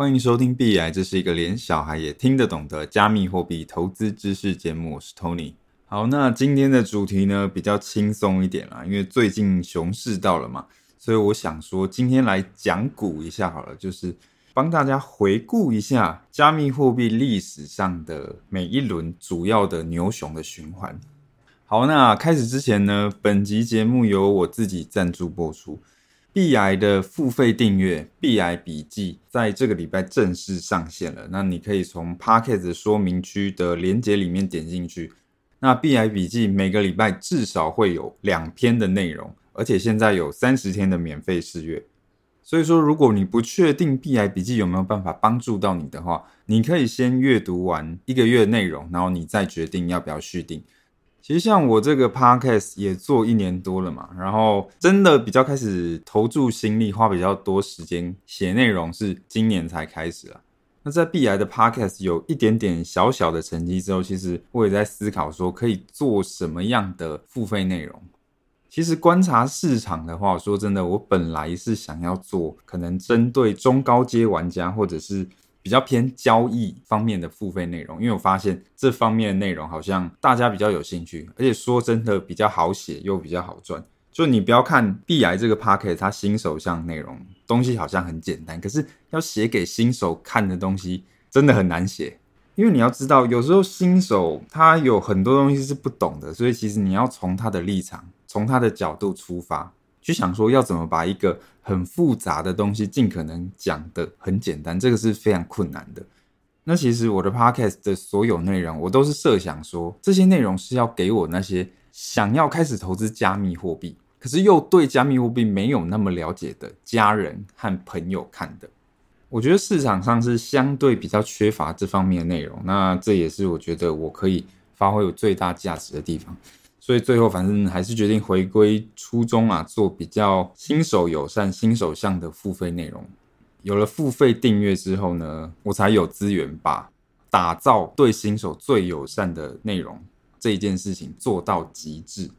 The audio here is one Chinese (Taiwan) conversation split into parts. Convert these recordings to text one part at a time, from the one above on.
歡迎收聽幣來，這是一個連小孩也聽得懂的加密貨幣投資知識節目。我是 Tony。好，那今天的主題呢，比較輕鬆一點啦，因為最近熊市到了嘛，所以我想說今天來講古一下好了，就是幫大家回顧一下加密貨幣歷史上的每一輪主要的牛熊的循環。好，那開始之前呢，本集節目由我自己贊助播出。幣癌的付費訂閱《幣癌筆記》在這個禮拜正式上線了。那你可以從 Podcast 說明區的連接裡面點進去。那《幣癌筆記》每個禮拜至少會有兩篇的內容，而且現在有三十天的免費試閱。所以說，如果你不確定《幣癌筆記》有沒有辦法幫助到你的話，你可以先閱讀完一個月內容，然後你再決定要不要續訂。其實像我這個 podcast 也做一年多了嘛，然後真的比較開始投注心力，花比較多時間寫內容是今年才開始啊。那在幣癌的 podcast 有一點點小小的成績之後，其實我也在思考說可以做什麼樣的付費內容。其實觀察市場的話，說真的，我本來是想要做可能針對中高階玩家或者是比較偏交易方面的付費內容，因為我發現這方面的內容好像大家比較有興趣，而且說真的比較好寫又比較好賺。就你不要看幣癌這個 packet，它新手向內容東西好像很簡單，可是要寫給新手看的東西真的很難寫，因為你要知道有時候新手他有很多東西是不懂的，所以其實你要從他的立場、從他的角度出發。就想說要怎麼把一個很複雜的東西盡可能講得很簡單，這個是非常困難的。那其實我的 podcast 的所有內容，我都是設想說這些內容是要給我那些想要開始投資加密貨幣，可是又對加密貨幣沒有那麼了解的家人和朋友看的。我覺得市場上是相對比較缺乏這方面的內容，那這也是我覺得我可以發揮我最大價值的地方。所以最後，反正還是決定回歸初衷啊，做比較新手友善、新手向的付費內容。有了付費訂閱之後呢，我才有資源把打造對新手最友善的內容這一件事情做到極致。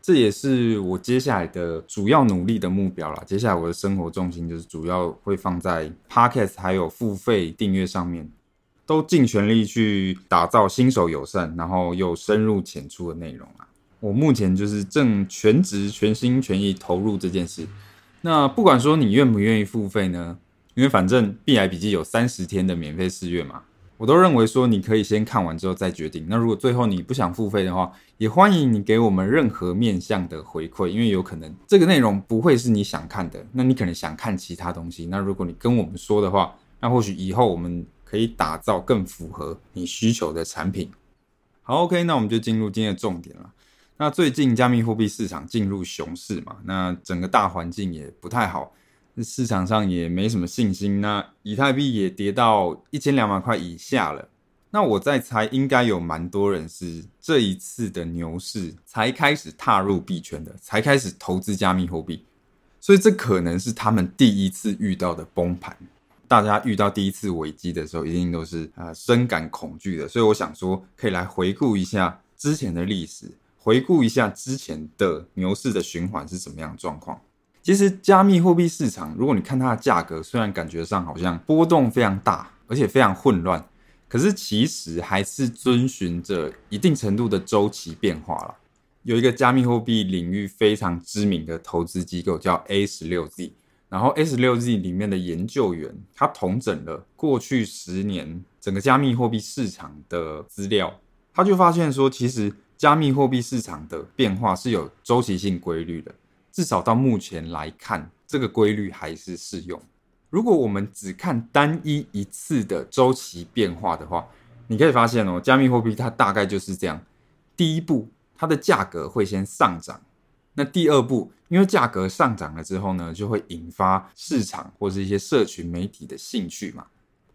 這也是我接下來的主要努力的目標了。接下來我的生活重心就是主要會放在 Podcast 還有付費訂閱上面，都盡全力去打造新手友善，然後又深入淺出的內容啦。我目前就是正全職全心全意投入這件事。那不管說你願不願意付費呢，因為反正幣癌筆記有三十天的免費試閱嘛，我都認為說你可以先看完之後再決定。那如果最後你不想付費的話，也歡迎你給我們任何面向的回饋，因為有可能這個內容不會是你想看的，那你可能想看其他東西。那如果你跟我們說的話，那或許以後我們可以打造更符合你需求的產品。好，OK，那我們就進入今天的重點了。那最近加密貨幣市場進入熊市嘛，那整個大環境也不太好，市場上也沒什麼信心。那以太幣也跌到一千兩百塊以下了。那我在猜，應該有蠻多人是這一次的牛市才開始踏入幣圈的，才開始投資加密貨幣。所以這可能是他們第一次遇到的崩盤。大家遇到第一次危機的時候，一定都是啊、呃、深感恐懼的。所以我想說，可以來回顧一下之前的歷史。回顧一下之前的牛市的循環是什麼樣狀況？其實，加密貨幣市場，如果你看它的價格，雖然感覺上好像波動非常大，而且非常混亂，可是其實還是遵循着一定程度的週期變化了。有一個加密貨幣領域非常知名的投資機構叫 A16Z，然後 A16Z 裡面的研究員，他統整了過去十年整個加密貨幣市場的資料，他就發現說，其實。加密貨幣市場的變化是有週期性規律的，至少到目前來看，這個規律還是適用。如果我們只看單一一次的週期變化的話，你可以發現哦，加密貨幣它大概就是這樣：第一步，它的價格會先上漲；那第二步，因為價格上漲了之後呢，就會引發市場或是一些社群媒體的興趣嘛。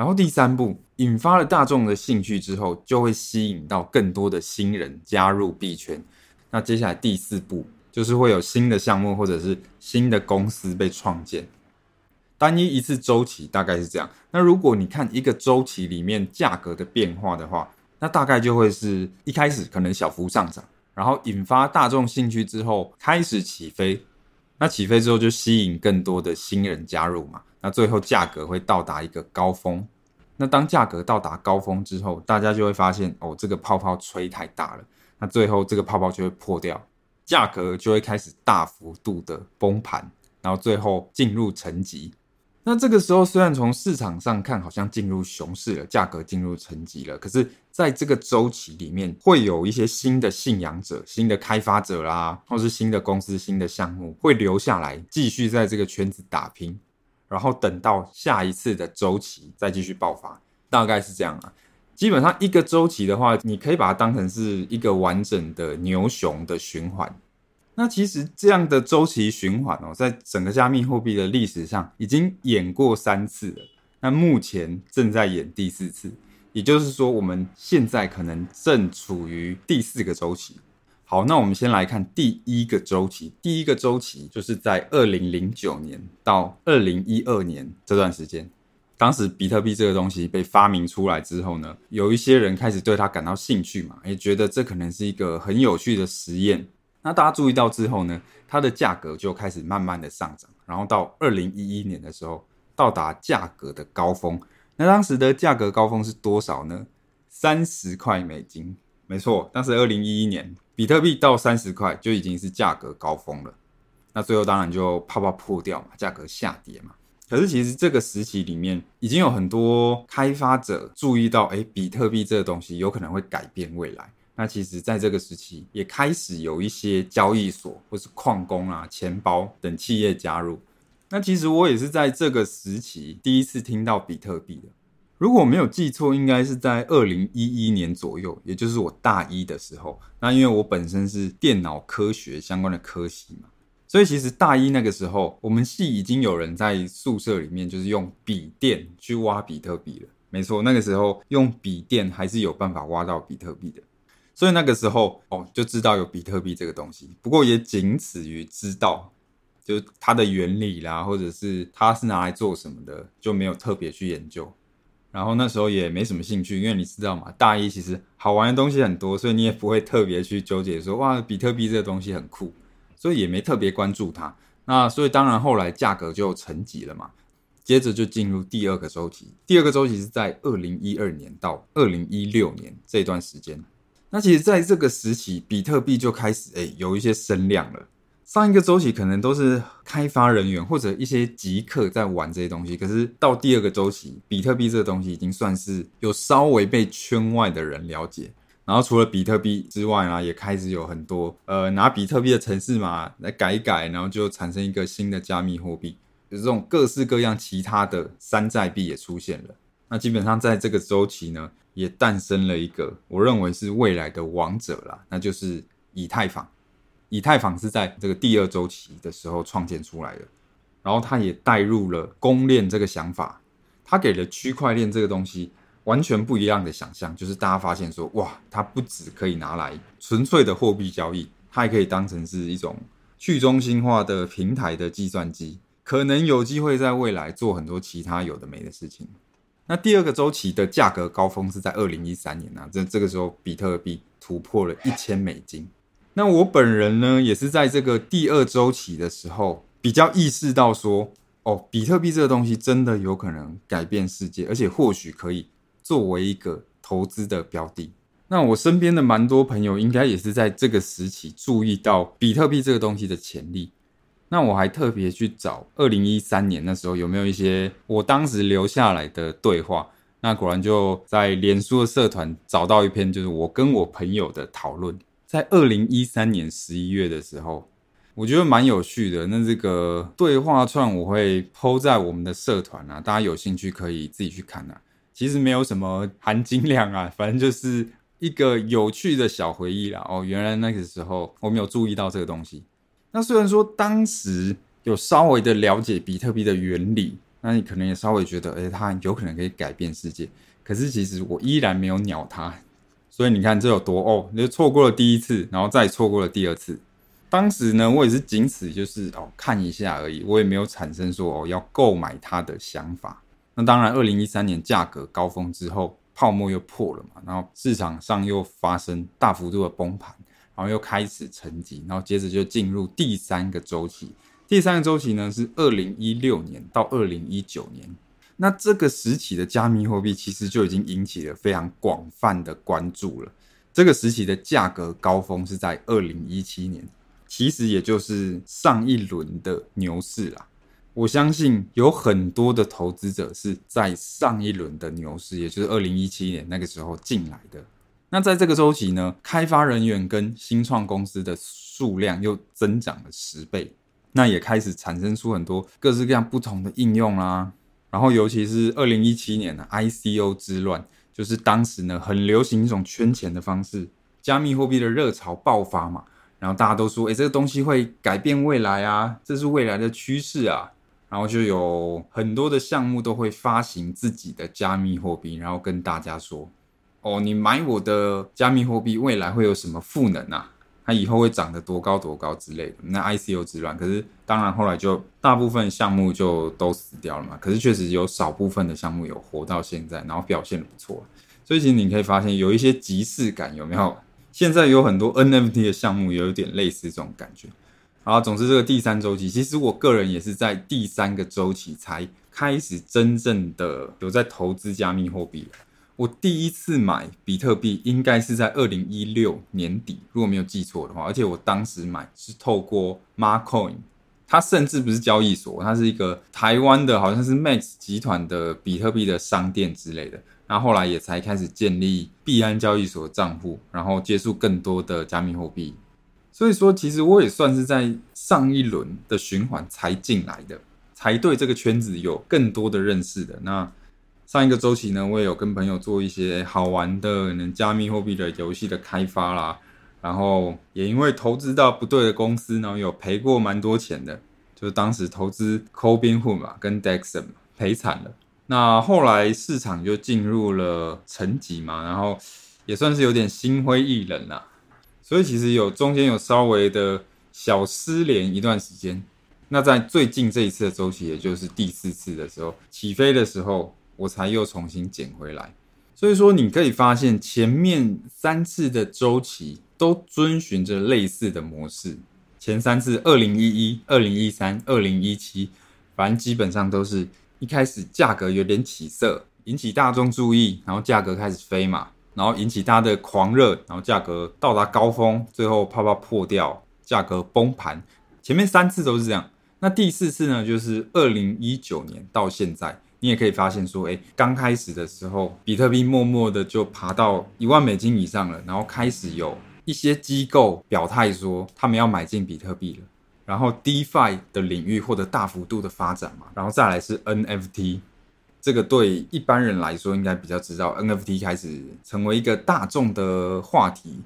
然後第三步引發了大眾的興趣之後，就會吸引到更多的新人加入幣圈。那接下來第四步就是會有新的項目或者是新的公司被創建。單一一次周期大概是這樣。那如果你看一個周期裡面價格的變化的話，那大概就會是一開始可能小幅上漲，然後引發大眾興趣之後開始起飛。那起飛之後就吸引更多的新人加入嘛。那最後價格會到達一個高峰，那當價格到達高峰之後，大家就會發現哦，這個泡泡吹太大了，那最後這個泡泡就會破掉，價格就會開始大幅度的崩盤，然後最後進入沉寂。那這個時候雖然從市場上看好像進入熊市了，價格進入沉寂了，可是在這個週期裡面會有一些新的信仰者、新的開發者啦，或是新的公司、新的項目會留下來繼續在這個圈子打拼。然後等到下一次的週期再繼續爆發，大概是這樣啊。基本上一個週期的話，你可以把它當成是一個完整的牛熊的循環。那其實這樣的週期循環哦，在整個加密貨幣的歷史上已經演過三次了，那目前正在演第四次。也就是說，我們現在可能正處於第四個週期。好，那我們先來看第一個周期。第一個周期就是在二零零九年到二零一二年這段時間。當時比特幣這個東西被發明出來之後呢，有一些人開始對它感到興趣嘛，也覺得這可能是一個很有趣的實驗。那大家注意到之後呢，它的價格就開始慢慢的上漲，然後到二零一一年的時候到達價格的高峰。那當時的價格高峰是多少呢？三十塊美金。沒錯，當時二零一一年比特幣到三十塊就已經是價格高峰了，那最後當然就泡泡破掉嘛，價格下跌嘛。可是其實這個時期裡面已經有很多開發者注意到，哎、欸，比特幣這個東西有可能會改變未來。那其實在這個時期也開始有一些交易所或是礦工啊、錢包等企業加入。那其實我也是在這個時期第一次聽到比特幣的。如果我沒有記錯，應該是在二零一一年左右，也就是我大一的時候。那因為我本身是電腦科學相關的科系嘛，所以其實大一那個時候，我們系已經有人在宿舍裡面就是用筆電去挖比特幣了。沒錯，那個時候用筆電還是有辦法挖到比特幣的。所以那個時候哦，就知道有比特幣這個東西，不過也僅止於知道，就它的原理啦，或者是它是拿來做什麼的，就沒有特別去研究。然後那時候也沒什麼興趣，因為你知道嘛，大一其實好玩的東西很多，所以你也不會特別去糾結說哇，比特幣這個東西很酷，所以也沒特別關注它。那所以當然後來價格就沉寂了嘛，接着就進入第二個周期。第二個周期是在二零一二年到二零一六年這段時間。那其實在這個時期，比特幣就開始誒、欸、有一些升量了。上一個週期可能都是開發人員或者一些極客在玩這些東西，可是到第二個週期，比特幣這個東西已經算是有稍微被圈外的人了解。然後除了比特幣之外呢，也開始有很多呃拿比特幣的程式嘛來改一改，然後就產生一個新的加密貨幣，就是這種各式各樣其他的山寨幣也出現了。那基本上在這個週期呢，也誕生了一個我認為是未來的王者了，那就是以太坊。以太坊是在這個第二周期的時候創建出來的，然後它也帶入了公鏈這個想法，它給了區塊鏈這個東西完全不一樣的想象，就是大家發現說，哇，它不只可以拿來純粹的貨幣交易，它還可以當成是一種去中心化的平台的計算機，可能有機會在未來做很多其他有的沒的事情。那第二個周期的價格高峰是在二零一三年呢、啊，這這個時候比特幣突破了一千美金。那我本人呢，也是在這個第二周期的時候，比較意識到說，哦，比特幣這個東西真的有可能改變世界，而且或許可以作為一個投資的標的。那我身邊的蠻多朋友，應該也是在這個時期注意到比特幣這個東西的潛力。那我還特別去找二零一三年那時候有沒有一些我當時留下來的對話，那果然就在臉書的社團找到一篇，就是我跟我朋友的討論。在二零一三年十一月的時候，我覺得蠻有趣的。那這個對話串我會 po 在我們的社團啊，大家有興趣可以自己去看啊。其實沒有什麼含金量啊，反正就是一個有趣的小回憶啦。哦，原來那個時候我沒有注意到這個東西。那雖然說當時有稍微的了解比特幣的原理，那你可能也稍微覺得，哎、欸，它有可能可以改變世界。可是其實我依然沒有鳥它。所以你看，這有多哦？你就錯過了第一次，然後再錯過了第二次。當時呢，我也是僅此就是哦看一下而已，我也沒有產生說哦要購買它的想法。那當然，二零一三年價格高峰之後，泡沫又破了嘛，然後市場上又發生大幅度的崩盤，然後又開始沉寂，然後接着就進入第三個週期。第三個週期呢，是二零一六年到二零一九年。那這個時期的加密貨幣其實就已經引起了非常廣泛的關注了。這個時期的價格高峰是在二零一七年，其實也就是上一輪的牛市啦。我相信有很多的投資者是在上一輪的牛市，也就是二零一七年那個時候進來的。那在這個周期呢，開發人員跟新創公司的數量又增長了十倍，那也開始產生出很多各式各樣不同的應用啦。然後，尤其是二零一七年呢、啊，ICO 之亂，就是當時呢很流行一種圈錢的方式，加密貨幣的熱潮爆發嘛。然後大家都說，誒，這個東西會改變未來啊，這是未來的趨勢啊。然後就有很多的項目都會發行自己的加密貨幣，然後跟大家說，哦，你買我的加密貨幣，未來會有什麼賦能啊？它以後會漲得多高多高之類的，那 I C O 之亂，可是當然後來就大部分項目就都死掉了嘛。可是確實有少部分的項目有活到現在，然後表現不錯。所以其實你可以發現有一些即視感，有沒有？現在有很多 N F T 的項目，有一點類似這種感覺。好，總之這個第三周期，其實我個人也是在第三個周期才開始真正的有在投資加密貨幣。我第一次買比特幣應該是在二零一六年底，如果沒有記錯的話，而且我當時買是透過 Mark Coin，它甚至不是交易所，它是一個台灣的好像是 Max 集團的比特幣的商店之類的。那後，後來也才開始建立幣安交易所的賬戶，然後接觸更多的加密貨幣。所以說，其實我也算是在上一輪的循環才進來的，才對這個圈子有更多的認識的。那。上一個周期呢，我也有跟朋友做一些好玩的能加密貨幣的遊戲的開發啦，然後也因為投資到不對的公司呢，然後有賠過蠻多錢的，就是當時投資 Cobinhood 嘛，跟 Dexon 賠慘了。那後來市場就進入了沉寂嘛，然後也算是有點心灰意冷啦。所以其實有中間有稍微的小失聯一段時間。那在最近這一次的周期，也就是第四次的時候起飛的時候。我才又重新撿回來，所以說你可以發現前面三次的週期都遵循着類似的模式。前三次，二零一一、二零一三、二零一七，反正基本上都是一開始價格有點起色，引起大眾注意，然後價格開始飛嘛，然後引起大家的狂熱，然後價格到達高峰，最後啪啪破掉，價格崩盤。前面三次都是這樣，那第四次呢？就是二零一九年到現在。你也可以發現說，哎、欸，剛開始的時候，比特幣默默地就爬到一萬美金以上了，然後開始有一些機構表態說，他們要買進比特幣了，然後 DeFi 的領域獲得大幅度的發展嘛，然後再來是 NFT，這個對一般人來說應該比較知道，NFT 開始成為一個大眾的話題，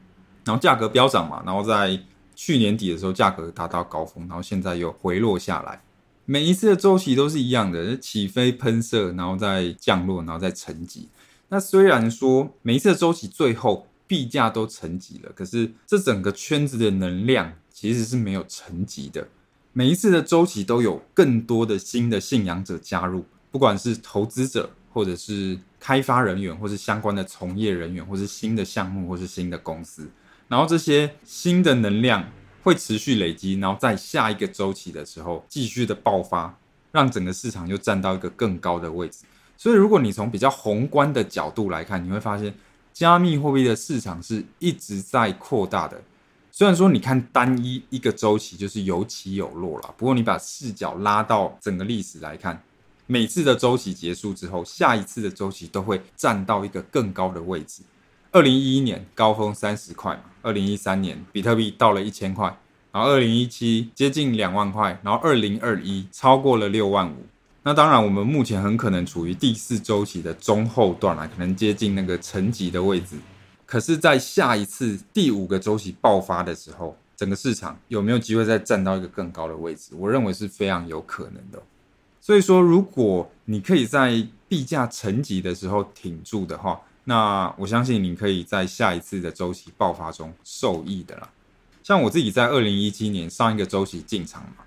然後價格飆漲嘛，然後在去年底的時候價格達到高峰，然後現在又回落下來。每一次的週期都是一樣的，起飛、噴射，然後再降落，然後再沉寂。那雖然說每一次的週期最後幣價都沉寂了，可是這整個圈子的能量其實是沒有沉寂的。每一次的週期都有更多的新的信仰者加入，不管是投資者，或者是開發人員，或是相關的從業人員，或是新的項目，或是新的公司。然後這些新的能量。會持續累積，然後在下一個周期的時候繼續的爆發，讓整個市場又站到一個更高的位置。所以，如果你從比較宏觀的角度來看，你會發現，加密貨幣的市場是一直在擴大的。雖然說你看單一一個周期就是有起有落了，不過你把視角拉到整個歷史來看，每次的周期結束之後，下一次的周期都會站到一個更高的位置。二零一一年高峰三十塊，二零一三年比特幣到了一千塊，然後二零一七接近兩萬塊，然後二零二一超過了六萬五。那當然，我們目前很可能處於第四週期的中後段啊，可能接近那個層級的位置。可是，在下一次第五個週期爆發的時候，整個市場有沒有機會再站到一個更高的位置？我認為是非常有可能的。所以說，如果你可以在幣價層級的時候挺住的話，那我相信您可以在下一次的週期爆發中受益的啦。像我自己在二零一七年上一個週期進場嘛，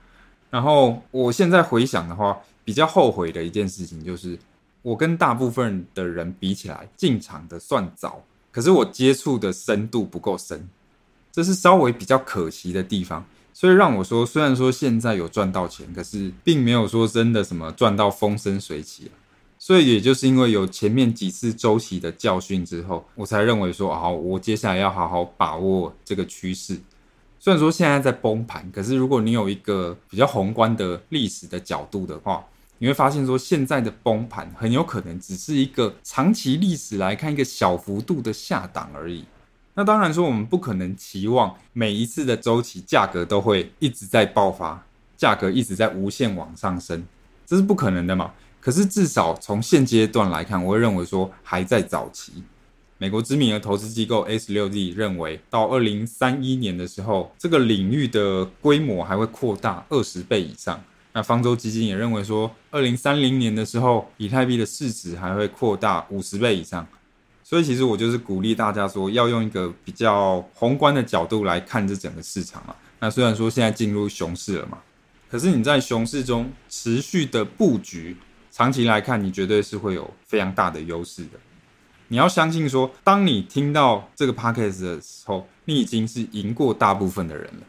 然後我現在回想的話，比較後悔的一件事情就是，我跟大部分的人比起來進場的算早，可是我接觸的深度不夠深，這是稍微比較可惜的地方。所以讓我說，雖然說現在有賺到錢，可是並沒有說真的什麼賺到風生水起。所以也就是因為有前面幾次周期的教訓之後，我才認為說，好，我接下來要好好把握這個趨勢。雖然說現在在崩盤，可是如果你有一個比較宏觀的歷史的角度的話，你會發現說，現在的崩盤很有可能只是一個長期歷史來看一個小幅度的下檔而已。那當然說，我們不可能期望每一次的周期價格都會一直在爆發，價格一直在無限往上升，這是不可能的嘛。可是至少從現階段來看，我會認為說還在早期。美國知名的投資機構 a16z 認為，到二零三一年的時候，這個領域的規模還會擴大二十倍以上。那方舟基金也認為說，二零三零年的時候，以太幣的市值還會擴大五十倍以上。所以其實我就是鼓勵大家說，要用一個比較宏觀的角度來看這整個市場嘛。那雖然說現在進入熊市了嘛，可是你在熊市中持續的布局，長期來看，你絕對是會有非常大的優勢的。你要相信說，當你聽到這個 podcast 的時候，你已經是贏過大部分的人了，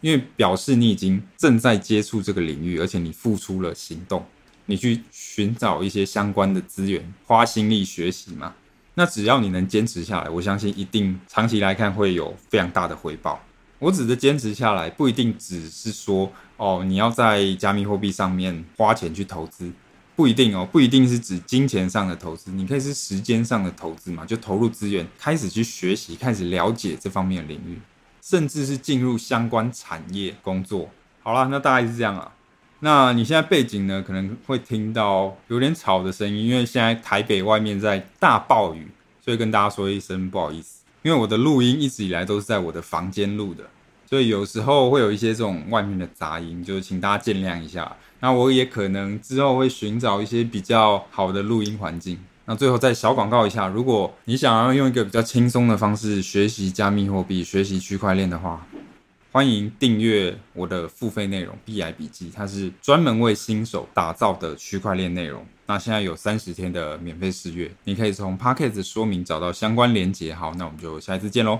因為表示你已經正在接觸這個領域，而且你付出了行動，你去尋找一些相關的資源，花心力學習嘛。那只要你能堅持下來，我相信一定長期來看會有非常大的回報。我指的堅持下來，不一定只是說哦，你要在加密貨幣上面花錢去投資。不一定哦，不一定是指金錢上的投資，你可以是時間上的投資嘛，就投入資源，開始去學習，開始了解這方面的領域，甚至是進入相關產業工作。好啦，那大概是這樣啊。那你現在背景呢，可能會聽到有點吵的聲音，因為現在台北外面在大暴雨，所以跟大家說一聲不好意思，因為我的錄音一直以來都是在我的房間錄的，所以有時候會有一些這種外面的雜音，就是請大家見諒一下。那我也可能之後會尋找一些比較好的錄音環境。那最後再小廣告一下，如果你想要用一個比較輕鬆的方式學習加密貨幣、學習區塊鏈的話，歡迎訂閱我的付費內容《幣癌筆記》，它是專門為新手打造的區塊鏈內容。那現在有三十天的免費試閱，你可以從 Podcast 說明找到相關連結。好，那我們就下一次見嘍。